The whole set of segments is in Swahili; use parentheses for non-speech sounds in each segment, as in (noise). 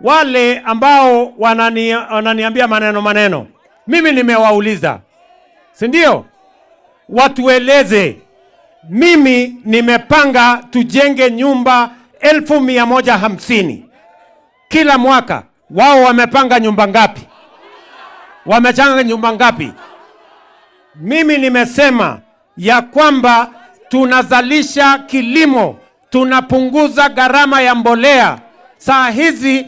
wale ambao wanani, wananiambia maneno maneno, mimi nimewauliza, si ndio? Watueleze. Mimi nimepanga tujenge nyumba elfu mia moja hamsini kila mwaka. Wao wamepanga nyumba ngapi? Wamechanga nyumba ngapi? Mimi nimesema ya kwamba tunazalisha kilimo, tunapunguza gharama ya mbolea saa hizi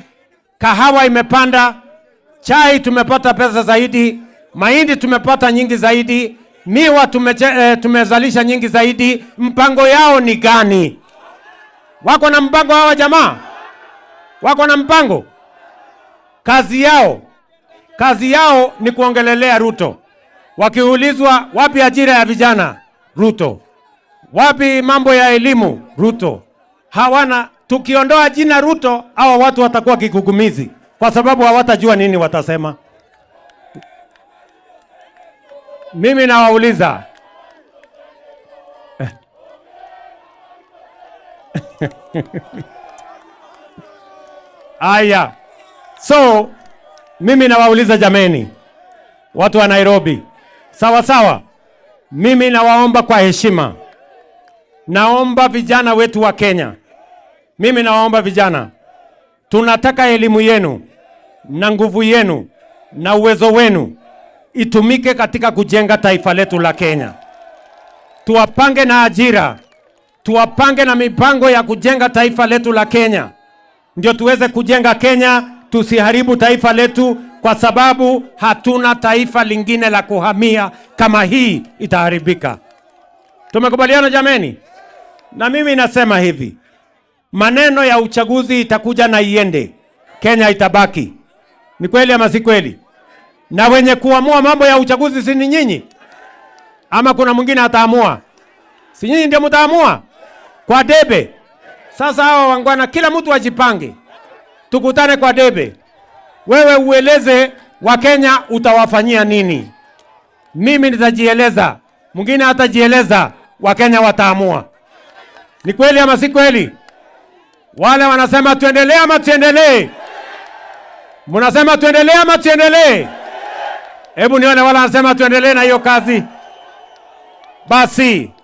kahawa imepanda, chai tumepata pesa zaidi, mahindi tumepata nyingi zaidi, miwa tumeche, eh, tumezalisha nyingi zaidi. Mpango yao ni gani? Wako na mpango hawa jamaa? Wako na mpango? Kazi yao kazi yao ni kuongelelea Ruto. Wakiulizwa wapi ajira ya vijana, Ruto. Wapi mambo ya elimu, Ruto. Hawana Tukiondoa jina Ruto, hawa watu watakuwa kigugumizi, kwa sababu hawatajua nini watasema. Mimi nawauliza (laughs) Aya, so mimi nawauliza jameni, watu wa Nairobi, sawa sawa. Mimi nawaomba kwa heshima, naomba vijana wetu wa Kenya mimi nawaomba vijana, tunataka elimu yenu na nguvu yenu na uwezo wenu itumike katika kujenga taifa letu la Kenya. Tuwapange na ajira, tuwapange na mipango ya kujenga taifa letu la Kenya, ndio tuweze kujenga Kenya, tusiharibu taifa letu, kwa sababu hatuna taifa lingine la kuhamia. Kama hii itaharibika. Tumekubaliana jameni? Na mimi nasema hivi maneno ya uchaguzi itakuja na iende, Kenya itabaki. Ni kweli ama si kweli? Na wenye kuamua mambo ya uchaguzi si ni nyinyi, ama kuna mwingine ataamua? Si nyinyi ndio mtaamua kwa debe? Sasa hawa wangwana, kila mtu ajipange, tukutane kwa debe. Wewe ueleze Wakenya utawafanyia nini. Mimi nitajieleza, mwingine atajieleza Wakenya wataamua. Ni kweli ama si kweli? Wale wanasema tuendelee ama tuendelee? Mnasema tuendelee ama tuendelee? Hebu nione wale wanasema tuendelee na hiyo kazi basi.